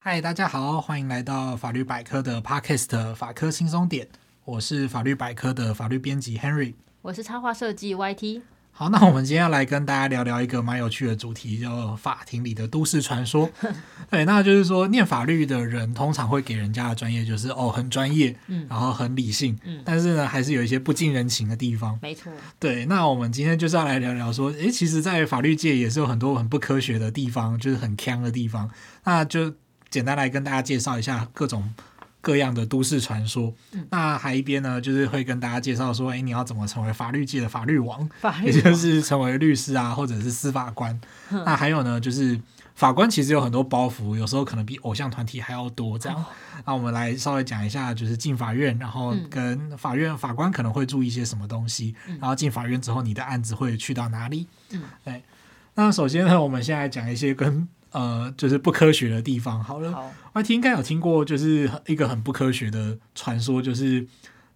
嗨，大家好，歡迎來到法律百科的 Podcast《法科輕鬆點》，我是法律百科的法律編輯 Henry，我是插畫設計 YT。好，那我們今天要來跟大家聊聊一個蠻有趣的主題，叫做法庭裡的都市傳說。對，那就是說，念法律的人通常會給人家的專業就是哦，很專業，嗯，然後很理性，嗯，但是呢，還是有一些不近人情的地方。沒錯，對。那我們今天就是要來聊聊說，欸、其實，在法律界也是有很多很不科學的地方，就是很鏘的地方。那就簡單來跟大家介紹一下各種。各樣的都市傳說，嗯，那還一邊呢，就是會跟大家介紹說，誒、欸，你要怎麼成為法律界的法律，法律王，也就是成為律師啊，或者是司法官。那還有呢，就是法官其實有很多包袱，有時候可能比偶像團體還要多。這樣，那我們來稍微講一下，就是進法院，然後跟法院，嗯、法官可能會注意一些什麼東西，然後進法院之後，你的案子會去到哪裡？嗯，對那首先呢，我們現在來講一些跟呃，就是不科學的地方好。好了而 T 應該有聽過，就是一個很不科學的傳說，就是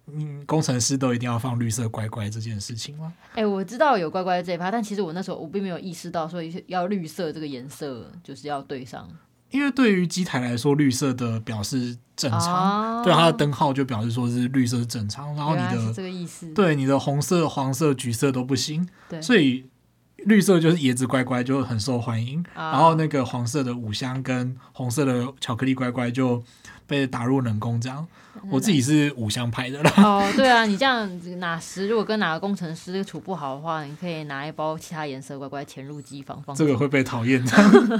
嗯，工程師都一定要放綠色乖乖這件事情嗎？哎、欸，我知道有乖乖這一趴，但其實我那時候我並沒有意識到說要綠色這個顏色就是要對上，因為對於機台來說，綠色的表示正常，哦、對，它的燈號就表示說是綠色正常，然後你的這個意思，對，你的紅色、黃色、橘色都不行，對，所以。綠色就是椰子乖乖就很受歡迎，啊，然後那個黃色的五香跟紅色的巧克力乖乖就被打入冷宮。這樣，嗯，我自己是五香派的啦，嗯嗯。哦，對啊，你這樣哪時如果跟哪個工程師處不好的話， 你可以拿一包其他顏色乖乖潛入機房。這個會被討厭的。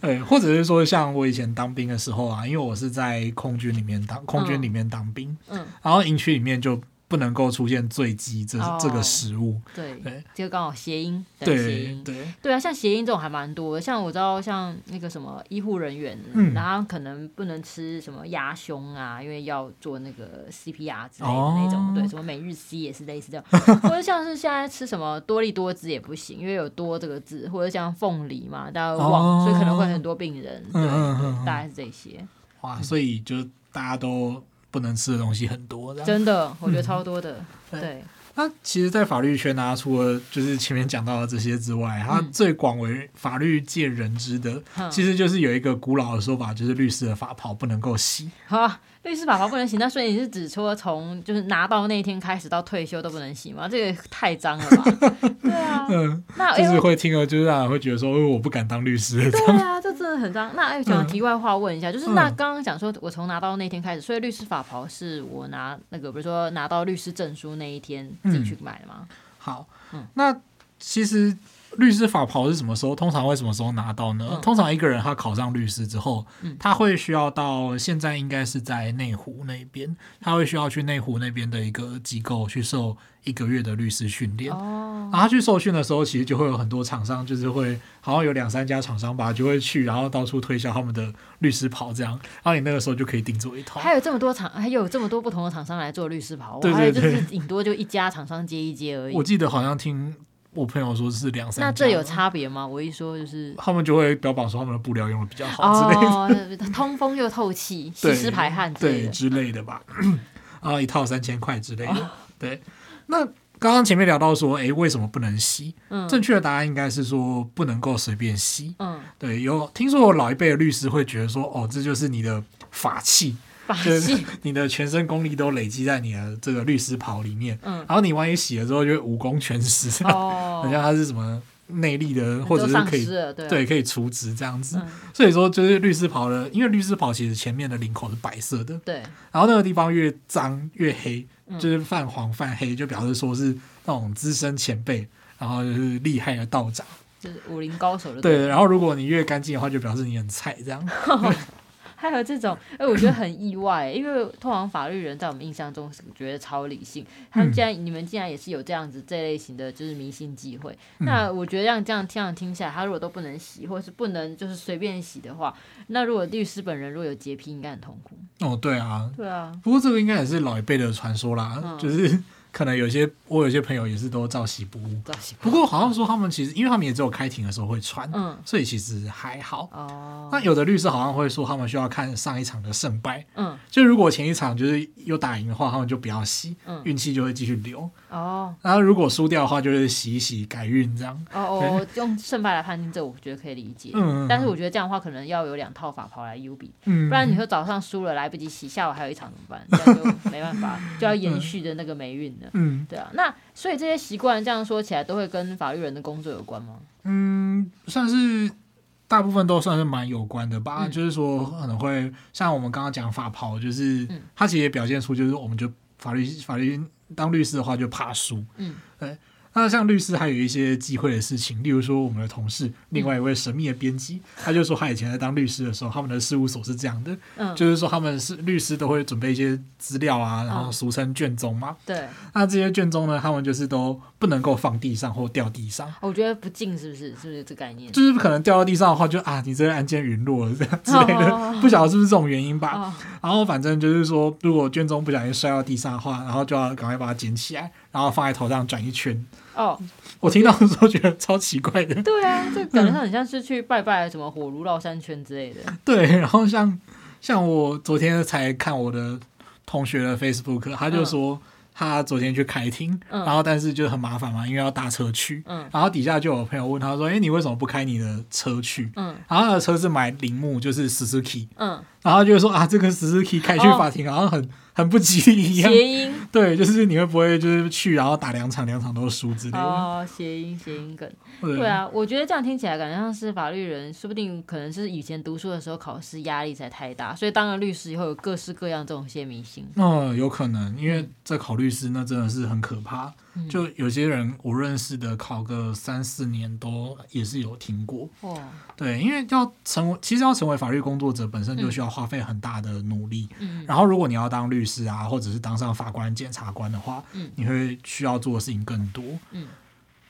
哎， 嗯，或者是說，像我以前當兵的時候啊，因為我是在空軍裡面當空軍裡面當兵嗯，嗯，然後營區裡面就。不能夠出現醉雞這、oh, 這個食物，對對，就剛好諧音，對對諧音對啊，像諧音這種還蠻多的，像我知道像那個什麼醫護人員、嗯，然後可能不能吃什麼鴨胸啊，因為要做那個 C P R 之類的那種，oh. 對，什麼每日 C 也是類似這樣， 或者像是現在吃什麼多力多滋也不行，因為有多這個字，或者像鳳梨嘛，大家會忘，oh. 所以可能會很多病人對、嗯對，對，大概是這些，嗯、哇，所以就大家都。不能吃的東西很多，真的，我覺得超多的。嗯、對、嗯，那其實，在法律圈呢、啊，除了就是前面講到的這些之外，嗯、它最廣為法律界人知的、嗯，其實就是有一個古老的說法，就是律師的法袍不能夠洗。啊，律師法袍不能洗，那所以你是指說，從就是拿到那一天開始到退休都不能洗嗎？這個太髒了吧？ 對啊， 嗯，那其實會聽了，就是讓人會覺得說，呃、我不敢當律師。真的很髒。那想題外話，問一下，嗯、就是那剛剛講說，我從拿到那天開始，嗯、所以律師法袍是我拿那個，比如說拿到律師證書那一天自己去買的嗎？好，嗯、那其實。律師法袍是什麼時候？通常會什麼時候拿到呢？嗯、通常一個人他考上律師之後、嗯，他會需要到現在應該是在內湖那邊、嗯，他會需要去內湖那邊的一個機構去受一個月的律師訓練。哦、然後他去受訓的時候，其實就會有很多廠商，就是會好像有兩三家廠商吧，就會去然後到處推銷他們的律師袍這樣。然後你那個時候就可以訂做一套。還有這麼多廠，還有這麼多不同的廠商來做律師袍，我還就是頂多就一家廠商接一接而已。 我記得好像聽。我朋友說是兩三千，那這有差別嗎？我一說就是，他們就會標榜說他們的布料用的比較好之類的、哦，通風又透氣，吸濕排汗，對，對之類的吧？啊，一套三千塊之類的，對。那剛剛前面聊到說，哎、欸，為什麼不能洗？嗯、正確的答案應該是說不能夠隨便洗。嗯，對，有聽說我老一輩的律師會覺得說，哦，這就是你的法器。就是你的全身功力都累積在你的這個律師袍裡面，嗯、然後你萬一洗了之後，就武功全失，好、嗯、像他是什麼內力的，嗯、或者是可以對、啊、對可以除職這樣子。嗯、所以說，就是律師袍的，因為律師袍其實前面的領口是白色的，對，然後那個地方越髒越黑，就是泛黃泛黑、嗯，就表示說是那種資深前輩，然後就是厲害的道長，就是武林高手對，對，然後如果你越乾淨的話，就表示你很菜這樣。呵呵 還有這種，哎、欸，我覺得很意外、欸， 因為通常法律人在我們印象中是覺得超理性，嗯、他們竟然，你們竟然也是有這樣子這類型的，就是迷信機會、嗯。那我覺得讓這樣這樣聽起來，他如果都不能洗，或是不能就是隨便洗的話，那如果律師本人如果有潔癖，應該很痛苦。哦，對啊，對啊，不過這個應該也是老一輩的傳說啦，嗯、就是。可能有些我有些朋友也是都照洗不誤。不過好像說他們其實，因為他們也只有開庭的時候會穿，嗯、所以其實還好。哦。那有的律師好像會說，他們需要看上一場的勝敗。嗯，就如果前一場就是有打贏的話，他們就不要洗，運、嗯、氣就會繼續留。哦。然後如果輸掉的話，就是洗一洗改運這樣。哦哦，哦，用勝敗來判定這，我覺得可以理解。嗯，但是我覺得這樣的話，可能要有兩套法袍來優比。嗯。不然你說早上輸了來不及洗，下午還有一場怎麼辦？那、嗯、就沒辦法， 就要延續的那個霉運。嗯嗯，對啊，那所以這些習慣這樣說起來，都會跟法律人的工作有關嗎？嗯，算是大部分都算是蠻有關的吧。嗯、就是說，可能會像我們剛剛講法跑，就是他其實也表現出就是我們就法律法律當律師的話就怕輸，嗯，對那像律師還有一些忌諱的事情，例如說我們的同事另外一位神秘的編輯，嗯，他就說他以前在當律師的時候，他們的事務所是這樣的，嗯、就是說他們是律師都會準備一些資料啊，嗯，然後俗稱卷宗嘛。對。那這些卷宗呢，他們就是都不能夠放地上或掉地上。我覺得不敬是不是？是不是這個概念？就是不可能掉到地上的話就，就啊，你這個案件隕落了這樣之類的，oh, oh, oh, oh, oh. 不曉得是不是這種原因吧。Oh, oh. 然後反正就是說，如果卷宗不小心摔到地上的話，然後就要趕快把它撿起來，然後放在頭上轉一圈。哦、oh，我聽到的時候覺得超奇怪的。對啊，就感覺他很像是去拜拜什麼火爐繞三圈之類的。對，然後像像我昨天才看我的同學的 Facebook，他就說他昨天去開庭、嗯，然後但是就很麻煩嘛，因為要搭車去、嗯。然後底下就有朋友問他說：“哎，你為什麼不開你的車去？”嗯、然後他的車是買鈴木，就是 Suzuki。然後就說啊，這個 Suzuki 開去法庭好像很，哦很不吉利一樣，諧音對，就是你會不會就是去然後打兩場，兩場都輸之類的哦，諧音諧音梗，對啊，我覺得這樣聽起來感覺像是法律人，說不定可能是以前讀書的時候考試壓力才太大，所以當了律師以後有各式各樣這種些迷信，嗯、哦，有可能，因為在考律師那真的是很可怕。就有些人我認識的，考個三四年都也是有聽過。對，因為要成為，其實要成為法律工作者本身就需要花費很大的努力。然後如果你要當律師啊，或者是當上法官、檢察官的話，你會需要做的事情更多。嗯，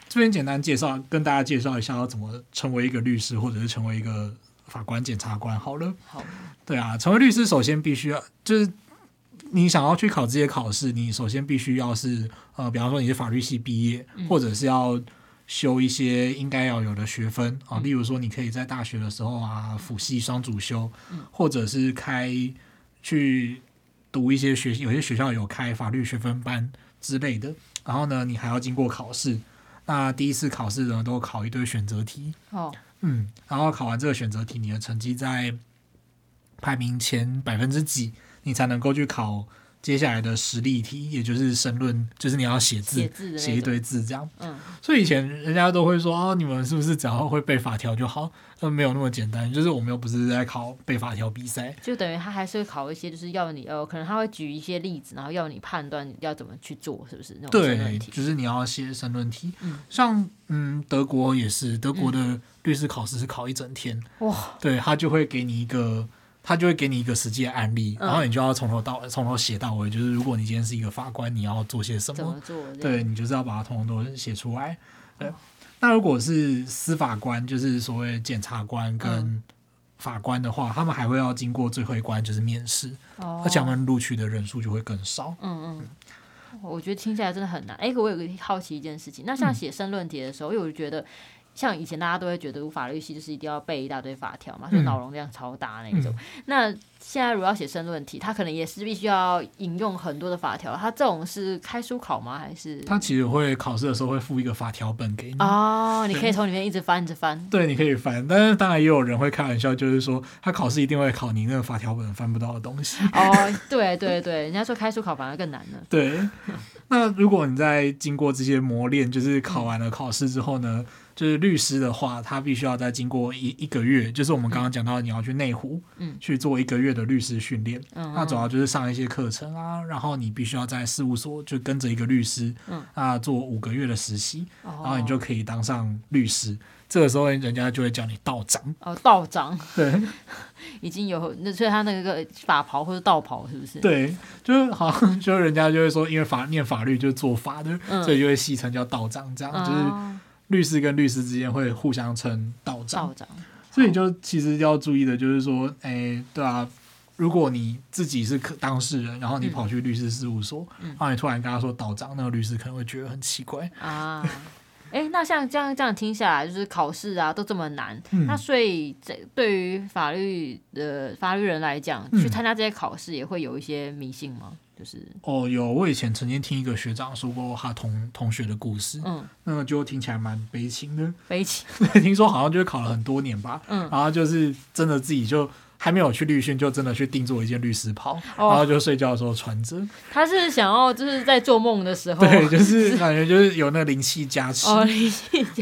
這邊簡單介紹，跟大家介紹一下要怎麼成為一個律師，或者是成為一個法官、檢察官。好了，好，對啊，成為律師首先必須要就是。你想要去考這些考試，你首先必須要是呃，比方說你是法律系畢業、嗯，或者是要修一些應該要有的學分、嗯、啊。例如說，你可以在大學的時候啊輔系雙主修、嗯嗯，或者是開去讀一些學，有些學校有開法律學分班之類的。然後呢，你還要經過考試。那第一次考試呢，都考一堆選擇題、哦。嗯，然後考完這個選擇題，你的成績在排名前百分之幾？你才能夠去考接下來的實例題，也就是申論，就是你要寫字，寫一堆字這樣。嗯，所以以前人家都會說啊，你們是不是只要會背法條就好？那沒有那麼簡單，就是我們又不是在考背法條比賽。就等於他還是會考一些，就是要你呃、哦，可能他會舉一些例子，然後要你判斷你要怎麼去做，是不是那種。對，就是你要寫申論題，嗯，像嗯，德國也是，德國的律師考試是考一整天哇、嗯，對他就會給你一個。他就會給你一個實際的案例、嗯，然後你就要從頭到尾，從、嗯、頭寫到尾，就是如果你今天是一個法官，你要做些什麼？怎麼做？對，你就是要把它統統都寫出來、嗯。對，那如果是司法官，就是所謂檢察官跟法官的話、嗯，他們還會要經過最後一關，就是面試。嗯、而且他們錄取的人數就會更少。嗯嗯，我覺得聽起來真的很難。哎、欸，可我有個好奇一件事情，那像寫申論題的時候，嗯、我就覺得。像以前大家都會覺得法律系就是一定要背一大堆法條嘛，嗯、就腦容量超大那種、嗯。那現在如果要寫申論題，他可能也是必須要引用很多的法條。他這種是開書考嗎？還是他其實會考試的時候會附一個法條本給你哦，你可以從裡面一直翻 一直翻。對，你可以翻。但是當然也有人會開玩笑，就是說他考試一定會考你那個法條本翻不到的東西。哦，對對對， 人家說開書考反而更難呢難了。對，那如果你在經過這些磨練，就是考完了考試之後呢？就是律師的話，他必須要再經過一一個月，就是我們剛剛講到、嗯，你要去內湖、嗯、去做一個月的律師訓練、嗯。那主要就是上一些課程啊，然後你必須要在事務所就跟着一個律師、嗯，啊，做五個月的實習、哦，然後你就可以當上律師。哦、這個時候，人家就會叫你道長。哦，道長，對，已經有那所以他那個法袍或者道袍是不是？對，就是好像，就是人家就會說，因為法、嗯、念法律就是做法的，嗯、所以就會戲稱叫道長，這樣、哦、就是。律師跟律師之間會互相稱道，道長，所以就其實要注意的就是說，哎、欸，對啊，如果你自己是可當事人，然後你跑去律師事務所、嗯，然後你突然跟他說道長，那個律師可能會覺得很奇怪啊。哎、嗯嗯 欸，那像這樣這樣聽下來，就是考試啊都這麼難，嗯、那所以這對於法律的法律人來講、嗯，去參加這些考試也會有一些迷信嗎？就是哦，有我以前曾經聽一個學長說過他同同學的故事，嗯，那個就聽起來蠻悲情的，悲情。 聽說好像就是考了很多年吧，嗯，然後就是真的自己就。還沒有去律訓，就真的去定做一件律師袍，哦、然後就睡覺的時候穿着。他是想要就是在做夢的時候，對，就是感覺就是有那個靈氣加持，哦，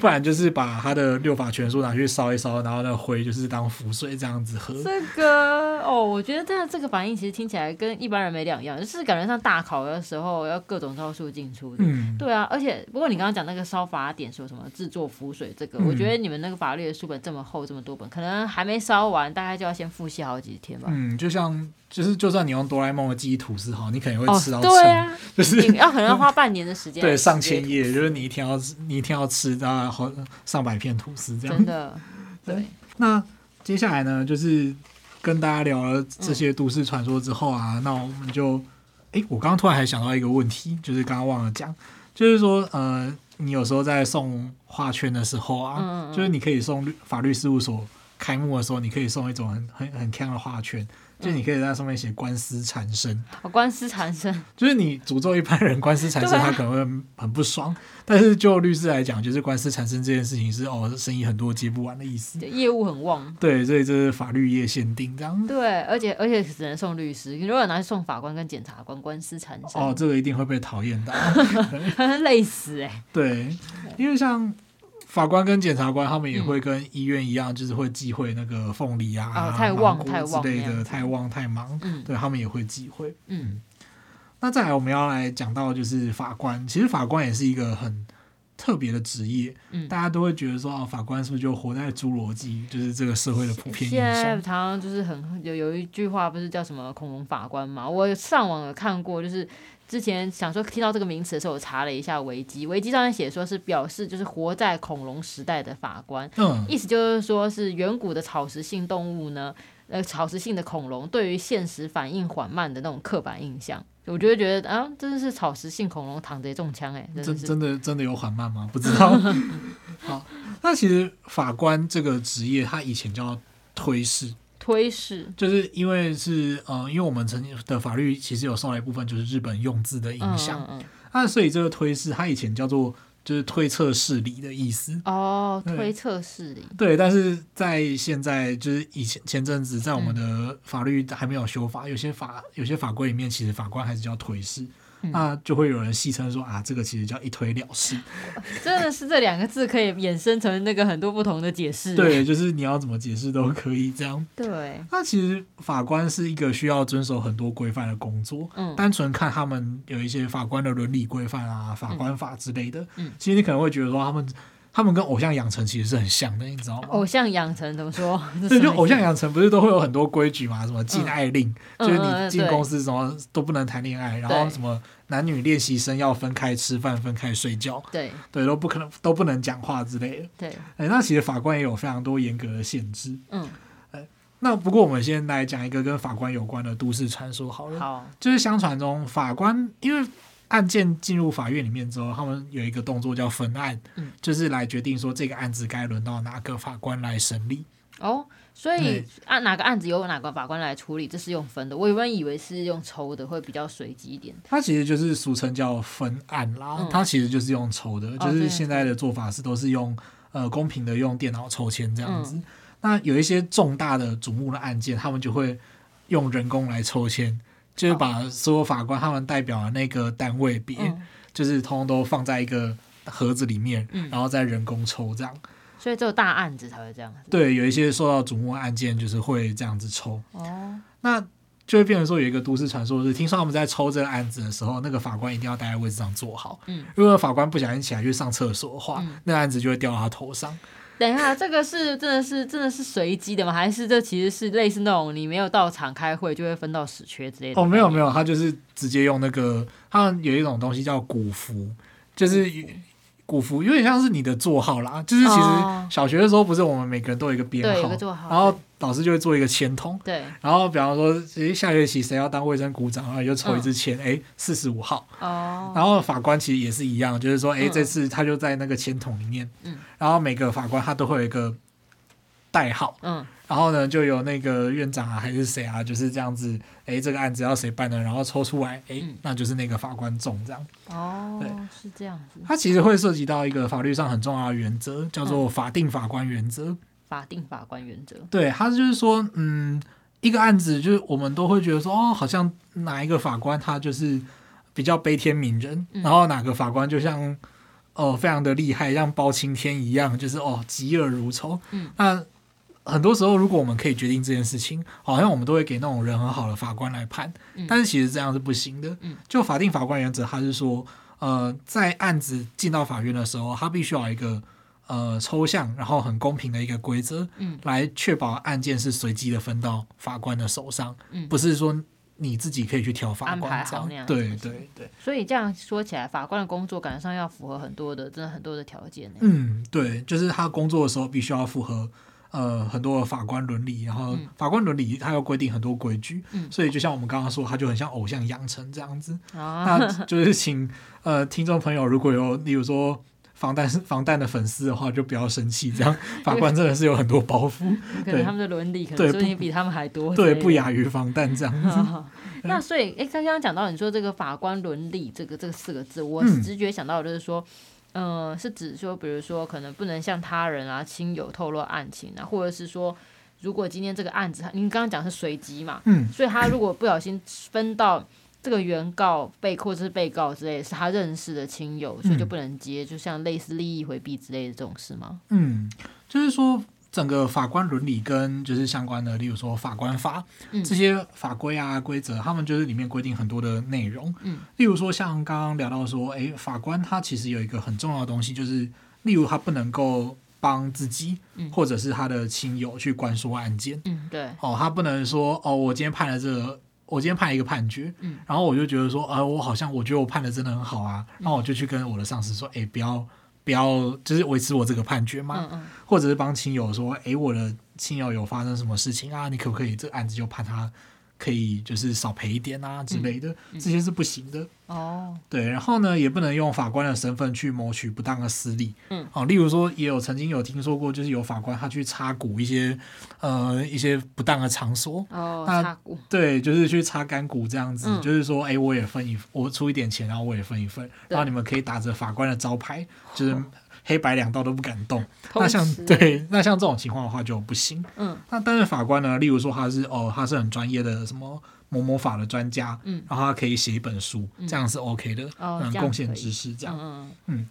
不然就是把他的六法全書拿去燒一燒，然後那個灰就是當符水這樣子喝。這個哦，我覺得這樣這個反應其實聽起來跟一般人沒兩樣，就是感覺上大考的時候要各種招數進出，嗯。對啊，而且不過你剛剛講那個燒法典說什麼製作符水這個、嗯，我覺得你們那個法律的書本這麼厚這麼多本，可能還沒燒完，大概就要先複習。嗯，就像就是，就算你用哆啦 A 夢的記憶吐司好，你可能會吃到撐、哦。對啊，就是、嗯、要可能花半年的時間，對，上千頁，就是你一天要你一天要吃到好上百片吐司這樣。真的對，對。那接下來呢，就是跟大家聊了這些都市傳說之後啊，嗯、那我們就哎、欸，我剛剛突然還想到一個問題，就是剛剛忘了講，就是說呃，你有時候在送花圈的時候啊嗯嗯，就是你可以送律法律事務所。開幕的時候，你可以送一種很很很鏘的花圈，就你可以在上面寫“官司纏身”。哦，官司纏身，就是你詛咒一般人官司纏身，他可能會很不爽。但是就律師來講，就是官司纏身這件事情是哦，生意很多接不完的意思，業務很旺。對，所以這是法律業限定這樣。對，而且而且只能送律師，你如果拿去送法官跟檢察官，官司纏身哦，這個一定會被討厭到， 很累死哎、欸。對，因為像。法官跟檢察官，他們也會跟醫院一樣，就是會忌諱那個鳳梨啊、嗯、啊、太旺之類的，太旺，太，旺太忙，嗯、對他們也會忌諱、嗯。嗯，那再來我們要來講到就是法官，其實法官也是一個很特別的職業。嗯，大家都會覺得說，哦、法官是不是就活在侏羅紀？就是這個社會的普遍。現在常常就是很有有一句話，不是叫什麼恐龍法官嘛？我上網有看過，就是。之前想說聽到這個名詞的時候，我查了一下維基，維基上面寫說是表示就是活在恐龍時代的法官，嗯，意思就是說是遠古的草食性動物呢，呃，草食性的恐龍對於現實反應緩慢的那種刻板印象，我就會覺得啊，真的是草食性恐龍躺着中槍哎、欸，真真，真的真的有緩慢嗎？不知道。 好，那其實法官這個職業，他以前叫推事。推事，就是因為是呃，因為我們曾經的法律其實有受了一部分就是日本用字的影響，那、嗯嗯嗯啊、所以這個推事它以前叫做就是推測事理的意思哦，推測事理。對，但是在現在就是以前前陣子在我們的法律還沒有修法，嗯、有些法有些法規裡面其實法官還是叫推事。那就會有人戲稱說啊，這個其實叫一推了事。真的是這兩個字可以衍生成那個很多不同的解釋。 對，就是你要怎麼解釋都可以這樣。對。那、啊、其實法官是一個需要遵守很多規範的工作。嗯。單純看他們有一些法官的倫理規範啊、法官法之類的。嗯。其實你可能會覺得說他們。他們跟偶像養成其實是很像的，你知道嗎？偶像養成怎麼說？對，就偶像養成不是都會有很多規矩嗎？什麼禁愛令，嗯、就是你進公司什麼都不能談戀愛，嗯，然後什麼男女練習生要分開吃飯、分開睡覺，對，對都不可能都不能講話之類的。對，哎、欸，那其實法官也有非常多嚴格的限制。嗯，哎、欸，那不過我們先來講一個跟法官有關的都市傳說好了。好，就是相傳中法官因為。案件進入法院裡面之後，他們有一個動作叫分案，嗯、就是來決定說這個案子該輪到哪個法官來審理。哦，所以按、啊、哪個案子由哪個法官來處理，這是用分的。我原本以為是用抽的，會比較隨機一點。它其實就是俗稱叫分案啦、嗯，它其實就是用抽的、嗯，就是現在的做法是都是用呃公平的用電腦抽籤這樣子、嗯。那有一些重大的矚目的案件，他們就會用人工來抽籤。就是把所有法官他們代表的那個單位別，就是通通都放在一個盒子裡面、嗯，然後再人工抽這樣。所以只有大案子才會這樣。對，有一些受到矚目案件，就是會這樣子抽。哦、嗯，那就會變成說有一個都市傳說是，是聽說他們在抽這個案子的時候，那個法官一定要待在位置上坐好。嗯，如果法官不小心起來去上廁所的話、嗯，那案子就會掉到他頭上。等一下，這個是真的，是真的是隨機的嗎？還是這其實是類似那種你沒有到場開會就會分到屎缺之類的？哦，沒有沒有，他就是直接用那個，他有一種東西叫古服，就是。五福有點像是你的座號啦，就是其實小學的時候不是我們每個人都有一個編號，oh. 然後老師就會做一個籤筒，對，然後比方說，欸、下學期誰要當衛生股長啊，就抽一支籤，哎、嗯，四十五號，哦、oh.，然後法官其實也是一樣，就是說，哎、欸，這次他就在那個籤筒裡面、嗯，然後每個法官他都會有一個。代號，嗯，然後呢，就有那個院長啊，還是誰啊，就是這樣子，哎、欸，這個案子要誰辦呢？然後抽出來，哎、欸，那就是那個法官中這樣，哦，對，是這樣子。它其實會涉及到一個法律上很重要的原則，叫做法定法官原則、嗯。法定法官原則，對，它就是說，嗯，一個案子就是我們都會覺得說，哦，好像哪一個法官他就是比較悲天憫人、嗯，然後哪個法官就像哦、呃，非常的厲害，像包青天一樣，就是哦，嫉惡如仇，嗯，那。很多時候，如果我們可以決定這件事情，好像我們都會給那種人很好的法官來判。嗯、但是其實這樣是不行的。嗯嗯、就法定法官原則，他是說，呃，在案子進到法院的時候，他必須要一個呃抽象然後很公平的一個規則，嗯，來確保案件是隨機的分到法官的手上，嗯、不是說你自己可以去挑法官。安排行那樣、嗯、對對對。所以這樣說起來，法官的工作感覺上要符合很多的，真的很多的條件。嗯，對，就是他工作的時候必須要符合。呃，很多的法官倫理，然後法官倫理，他要規定很多規矩，嗯，所以就像我們剛剛說，他就很像偶像養成這樣子，嗯。那就是請呃聽眾朋友，如果有例如說防彈防彈的粉絲的話，就不要生氣。這樣法官真的是有很多包袱， 對他們的倫理，可能比他們還多，對，對不亞於防彈這樣子。哦嗯，那所以，哎，剛剛講到你說這個法官倫理這個這個，四個字，我直覺想到的就是說。嗯嗯、呃，是指說，比如說，可能不能向他人啊、親友透露案情啊，或者是說，如果今天這個案子，您剛剛講是隨機嘛、嗯，所以他如果不小心分到這個原告被、或者是被告之類，是他認識的親友，所以就不能接，就像類似利益回避之類的這種事嗎？嗯，就是說。整個法官倫理跟就是相關的，例如說法官法、嗯、這些法規啊規則，他們就是裡面規定很多的內容。嗯、例如說像剛剛聊到說，哎，法官他其實有一個很重要的東西，就是例如他不能夠幫自己、嗯、或者是他的親友去關說案件、嗯。對。哦，他不能說哦，我今天判了這個，我今天判了一個判決、嗯。然後我就覺得說，啊、呃，我好像我覺得我判的真的很好啊，那我就去跟我的上司說，哎、嗯，不要。不要就是維持我這個判決嘛，嗯嗯，或者是幫親友說，誒、欸，我的親友有發生什麼事情啊？你可不可以這個案子就判他可以就是少賠一點啊之類的，嗯嗯。這些是不行的。哦、oh.，對，然後呢，也不能用法官的身份去謀取不當的私利。嗯，哦，例如說，也有曾經有聽說過，就是有法官他去插股一些、嗯，呃，一些不當的場所。哦、oh,，對，就是去插乾股這樣子、嗯，就是說，哎、欸，我也分一，我出一點錢，然後我也分一份，然後你們可以打着法官的招牌，就是黑白兩道都不敢動。哦、那像對，那像這種情況的話就不行。嗯，那但是法官呢，例如說他是哦，他是很專業的什麼？某某法的專家，然後他可以寫一本書、嗯，這樣是 OK 的，嗯，貢、嗯、獻知識這樣，這樣，嗯，嗯，嗯，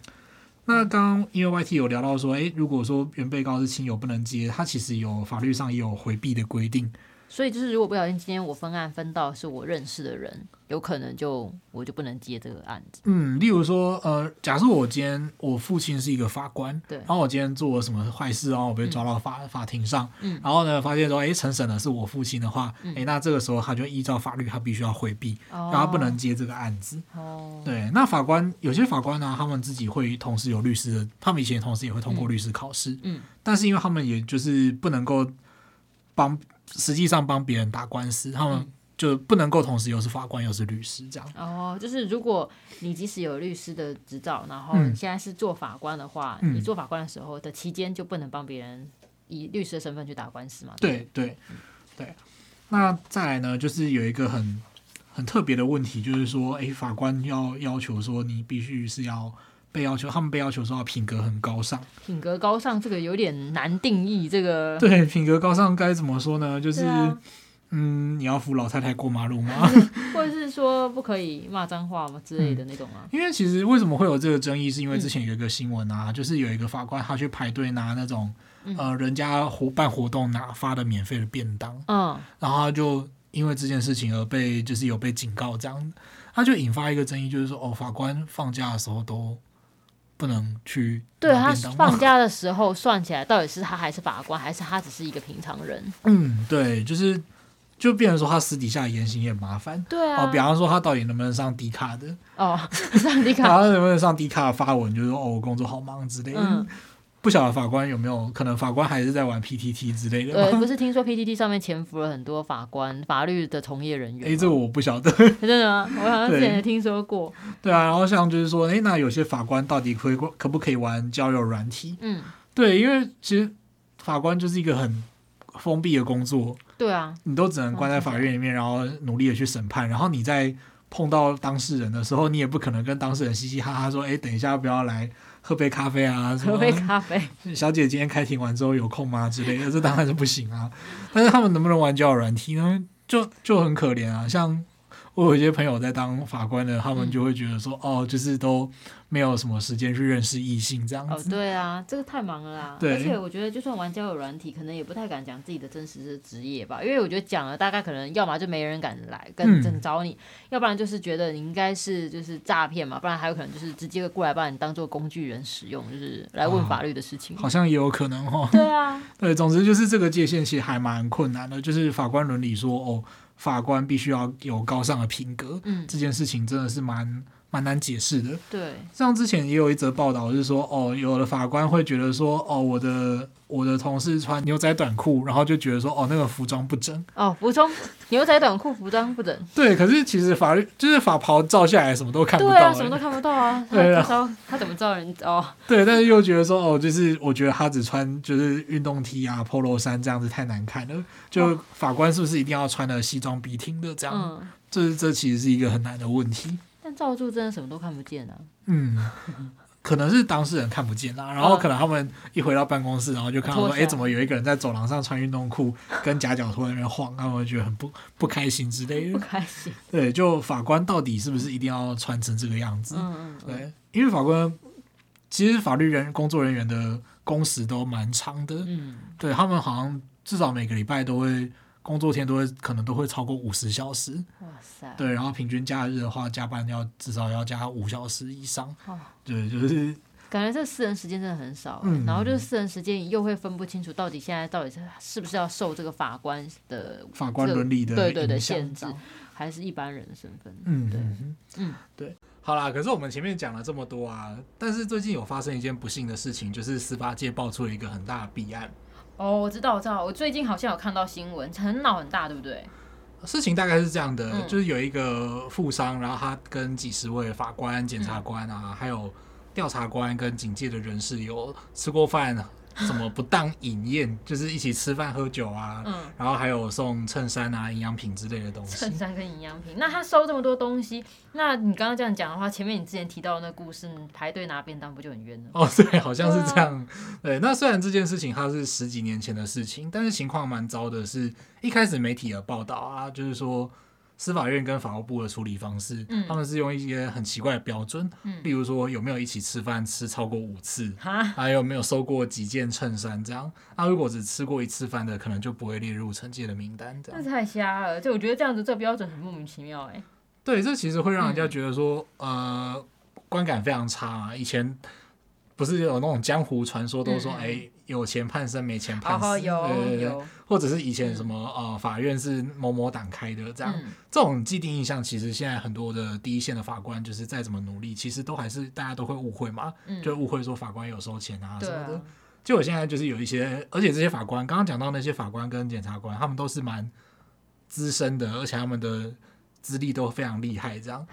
那剛因為 YT 有聊到說，誒、欸，如果說原被告是親友不能接，他其實有法律上也有回避的規定。嗯所以就是，如果不小心，今天我分案分到是我認識的人，有可能就我就不能接這個案子。嗯，例如說，呃，假設我今天我父親是一個法官，對，然後我今天做了什麼壞事，然後我被抓到法、嗯、法庭上，嗯，然後呢，發現說，哎、欸，承審的是我父親的話，哎、欸，那這個時候他就依照法律，他必須要迴避、嗯，然後他不能接這個案子。哦，對，那法官有些法官呢，他們自己會同時有律師，的，他們以前同時也會通過律師考試、嗯，嗯，但是因為他們也就是不能夠。幫實際上幫別人打官司，他們就不能夠同時又是法官又是律師這樣。哦，就是如果你即使有律師的執照，然後你現在是做法官的話，嗯，你做法官的時候的期間就不能幫別人以律師的身份去打官司嘛？對對對，對。那再來呢，就是有一個很很特別的問題，就是說，誒，法官要要求說你必須是要。被要求，他們被要求說要品格很高尚，品格高尚這個有點難定義。這個對品格高尚該怎麼說呢？就是、啊、嗯，你要扶老太太過馬路嗎？或者是說不可以罵髒話嗎、嗯、之類的那種啊？因為其實為什麼會有這個爭議？是因為之前有一個新聞啊、嗯，就是有一個法官他去排隊拿那種、嗯、呃人家活辦活動拿發的免費的便當，嗯，然後就因為這件事情而被就是有被警告，這樣他就引發一個爭議，就是說哦，法官放假的時候都。不能去對。對，他放假的時候算起來，到底是他還是法官，還是他只是一個平常人？嗯，對，就是就變成說他私底下言行也麻煩。對啊，哦，比方說他到底能不能上迪卡的？哦，上迪卡， 然後他能不能上迪卡發文，就說哦，我工作好忙之類的。嗯不曉得法官有沒有可能？法官還是在玩 P T T 之類的？對、欸，不是聽說 P T T 上面潛伏了很多法官，法律的從業人員。哎、欸，這我不曉得。真的嗎？我好像之前也聽說過對。對啊，然後像就是說，哎、欸，那有些法官到底可以，可以，可不可以玩交友軟體？嗯，對，因為其實法官就是一個很封閉的工作。對啊，你都只能關在法院裡面，嗯、然後努力的去審判。然後你在碰到當事人的時候，你也不可能跟當事人嘻嘻哈哈說：“哎、欸，等一下不要來。”喝杯咖啡啊，喝杯咖啡。小姐今天開庭完之後有空嗎？之類的，這當然是不行啊。但是他們能不能玩交友軟體呢？就就很可憐啊，像。我有一些朋友在當法官的，他們就會覺得說、嗯，哦，就是都沒有什麼時間去認識異性這樣子。哦，對啊，這個太忙了啦。對，而且我覺得就算玩交友軟體，嗯、可能也不太敢講自己的真實的職業吧，因為我覺得講了，大概可能要麼就沒人敢來更正，找你、嗯，要不然就是覺得你應該是就是詐騙嘛，不然還有可能就是直接過來把你當做工具人使用，就是來問法律的事情。哦、好像也有可能哈、哦。對啊。 對，總之就是這個界限其實還蠻困難的，就是法官倫理說，哦。法官必須要有高尚的品格，嗯，這件事情真的是蠻。蠻難解釋的。對，像之前也有一則報道，是說哦，有的法官會覺得說哦，我的我的同事穿牛仔短褲，然後就覺得說哦，那個服裝不整哦，服裝牛仔短褲服裝不整。對，可是其實法律就是法袍照下來什麼都看不到。對啊，什麼都看不到啊。 對啊，他怎麼照人哦？對，但是又覺得說哦，就是我覺得他只穿就是運動 T 啊、Polo 衫這樣子太難看了。就法官是不是一定要穿的西裝筆挺的？這樣，這、嗯、這其實是一個很難的問題。照住真的什麼都看不見啊！嗯，可能是當事人看不見啦，嗯、然後可能他們一回到辦公室，然後就看到說，哎、欸，怎麼有一個人在走廊上穿運動褲跟夾腳拖在那晃，晃， 他們覺得很不不開心之類的。不開心。對，就法官到底是不是一定要穿成這個樣子？嗯嗯嗯對，因為法官其實法律人工作人員的工時都蠻長的，嗯，對他們好像至少每個禮拜都會。工作天都會可能都會超過五十小時，哇、啊、塞！對，然後平均假日的話，加班要至少要加五小時以上。啊、對，就是感覺這私人時間真的很少、欸嗯。然後就私人時間又會分不清楚，到底現在到底是是不是要受這個法官的法官倫理的、這個、對對的限制，還是一般人的身份嗯對？嗯，對，嗯，對。好啦，可是我們前面講了這麼多啊，但是最近有發生一件不幸的事情，就是司法界爆出了一個很大的弊案。哦、oh,，我知道，我知道，我最近好像有看到新聞，很鬧很大，對不對？事情大概是這樣的、嗯，就是有一個富商，然後他跟幾十位法官、檢察官啊，嗯、還有調查官跟警界的人士有吃過飯。什麼不當飲宴，就是一起吃飯喝酒啊，嗯，然後還有送襯衫啊、營養品之類的東西。襯衫跟營養品，那他收這麼多東西，那你剛剛這樣講的話，前面你之前提到的那個故事，你排隊拿便當不就很冤了嗎？哦，對，好像是這樣對啊。對，那雖然這件事情它是十幾年前的事情，但是情況蠻糟的是，是一開始媒體的報道啊，就是說。司法院跟法務部的處理方式、嗯，他們是用一些很奇怪的標準，嗯、例如說有沒有一起吃飯吃超過五次，還有沒有收過幾件襯衫這樣。那、啊、如果只吃過一次飯的，可能就不會列入懲戒的名單。這樣，這太瞎了。就我覺得這樣子這標準很莫名其妙哎、欸。對，這其實會讓人家覺得說，嗯、呃，觀感非常差、啊。以前不是有那種江湖傳說都說哎。嗯欸有錢判生，沒錢判死，對對對，或者是以前什麼呃，法院是某某黨開的，這樣、嗯、這種既定印象，其實現在很多的第一線的法官，就是再怎麼努力，其實都還是大家都會誤會嘛，嗯、就誤會說法官有收錢啊什麼的、啊。就我現在就是有一些，而且這些法官剛剛講到那些法官跟檢察官，他們都是蠻資深的，而且他們的。資歷都非常厲害，這樣、啊、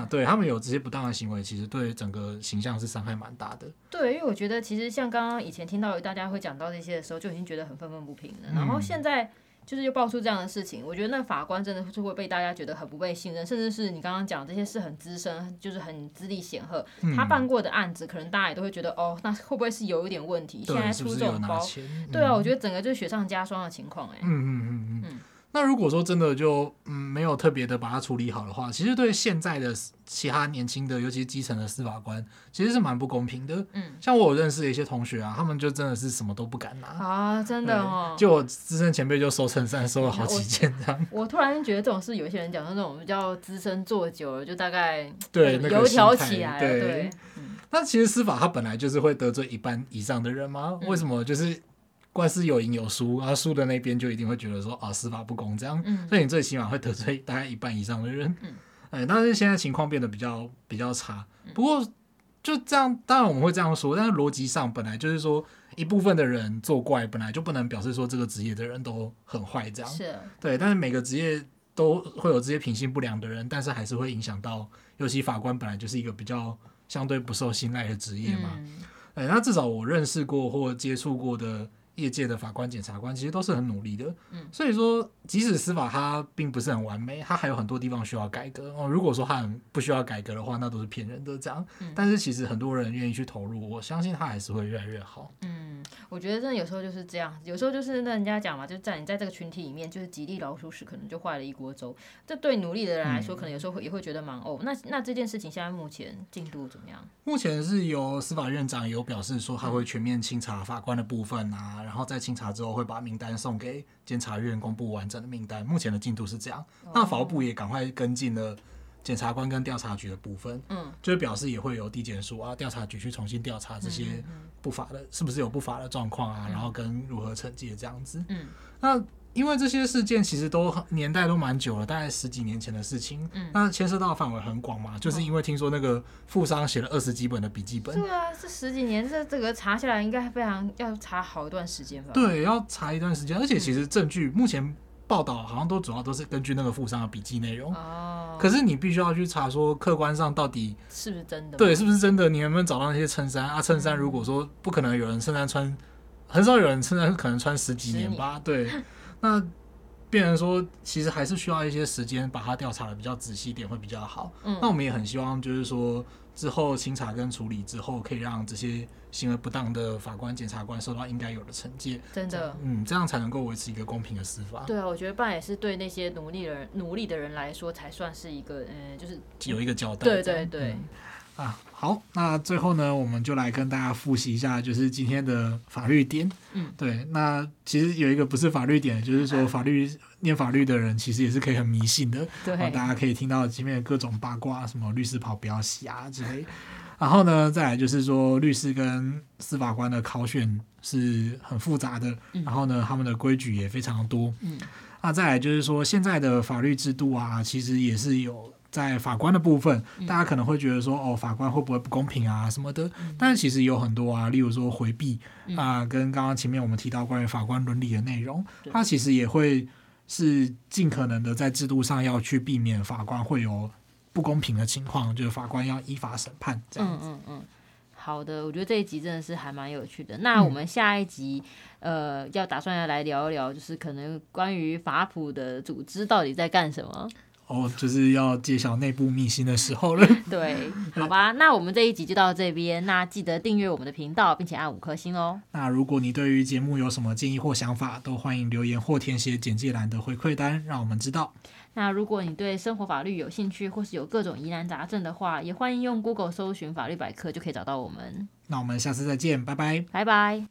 那對他們有這些不當的行為，其實對整個形象是傷害蠻大的。對，因為我覺得其實像剛剛以前聽到大家會講到這些的時候，就已經覺得很憤憤不平了、嗯。然後現在就是又爆出這樣的事情，我覺得那法官真的是會被大家覺得很不被信任，甚至是你剛剛講這些是很資深，就是很資歷顯赫、嗯，他辦過的案子，可能大家也都會覺得，哦，那會不會是有一點問題？現在出這種包是是、嗯，對啊，我覺得整個就是雪上加霜的情況，哎，嗯嗯嗯嗯。嗯那如果說真的就嗯沒有特別的把它處理好的話，其實對現在的其他年輕的，尤其是基層的司法官，其實是蠻不公平的。嗯，像我有認識的一些同學啊，他們就真的是什麼都不敢拿啊，真的哦。嗯、就我資深前輩就收襯衫收了好幾件這樣。我，我突然覺得這種事，有些人講說那種比較資深做久了就大概就有條對油條、那個，起來了對、嗯、對。那其實司法它本來就是會得罪一半以上的人嗎？為什麼、嗯、就是？官司有贏有輸，然後輸的那邊就一定會覺得說，啊司法不公這樣，嗯、所以你最起碼會得罪大概一半以上的人。嗯，哎、但是現在情況變得比較比較差。不過就這樣，當然我們會這樣說，但是邏輯上本來就是說，一部分的人做怪，本來就不能表示說這個職業的人都很壞這樣。是，對。但是每個職業都會有這些品性不良的人，但是還是會影響到，尤其法官本來就是一個比較相對不受信賴的職業嘛、嗯。哎，那至少我認識過或接觸過的。業界的法官、檢察官其實都是很努力的，嗯，所以說即使司法它並不是很完美，它還有很多地方需要改革哦。如果說它很不需要改革的話，那都是騙人的，這樣。但是其實很多人願意去投入，我相信它還是會越來越好。嗯，我覺得真的有時候就是這樣，有時候就是那人家講嘛，就在你在這個群體裡面，就是幾粒老鼠屎可能就壞了一鍋粥。這對努力的人來說，可能有時候會也會覺得蠻哦。那那這件事情現在目前進度怎麼樣？目前是由司法院長有表示說他會全面清查法官的部分啊。然後在清查之後，會把名單送給監察院公布完整的名單。目前的進度是這樣，那法務部也趕快跟進了檢察官跟調查局的部分，嗯，就表示也會有地檢署啊，調查局去重新調查這些不法的嗯嗯，是不是有不法的狀況啊，嗯，然後跟如何懲戒這樣子，嗯，那。因為這些事件其實都年代都蠻久了，大概十幾年前的事情。嗯，那牽涉到的範圍很廣嘛、嗯，就是因為聽說那個富商寫了二十幾本的筆記本。對啊，這十幾年，這這個查下來應該非常要查好一段時間吧？對，要查一段時間。而且其實證據目前報道好像都主要都是根據那個富商的筆記內容。哦。可是你必須要去查說客觀上到底是不是真的？對，是不是真的？你有沒有找到那些襯衫、嗯、啊？襯衫如果說不可能有人襯衫穿，很少有人襯衫可能穿十幾年吧？對。 那變成說，其實還是需要一些時間，把它調查得比較仔細一點會比較好，嗯。那我們也很希望，就是說之後清查跟處理之後，可以讓這些行為不當的法官、檢察官受到應該有的懲戒。真的，嗯，這樣才能夠維持一個公平的司法。對啊，我覺得這也是對那些努力的人、努力的人來說，才算是一個，嗯，就是有一個交代。對對對。嗯啊，好，那最後呢，我們就來跟大家複習一下，就是今天的法律點。嗯，對。那其實有一個不是法律點，就是說法律、念法律的人其實也是可以很迷信的。對、嗯啊。大家可以聽到前面各種八卦，什麼律師袍不要洗啊之類。然後呢，再來就是說律師跟司法官的考選是很複雜的。然後呢，他們的規矩也非常多。嗯。那再來就是說現在的法律制度啊，其實也是有。在法官的部分，嗯，大家可能會覺得說，哦，法官會不會不公平啊什麼的？嗯，但是其實有很多啊，例如說回避啊，呃嗯，跟剛剛前面我們提到關於法官倫理的內容，嗯，他其實也會是盡可能的在制度上要去避免法官會有不公平的情況，就是法官要依法審判這樣子。嗯嗯嗯，好的，我覺得這一集真的是還蠻有趣的。那我們下一集，嗯，呃，要打算要來聊一聊，就是可能關於法普的組織到底在幹什麼。哦、oh，就是要揭曉內部秘辛的時候了 對。 對，好吧，那我們這一集就到這邊。那記得訂閱我們的頻道，並且按五顆星哦、喔。那如果你對於節目有什麼建議或想法，都歡迎留言或填寫簡介欄的回饋單，讓我們知道。那如果你對生活法律有興趣，或是有各種疑難雜症的話，也歡迎用 Google 搜尋法律百科，就可以找到我們。那我們下次再見，拜拜，拜拜。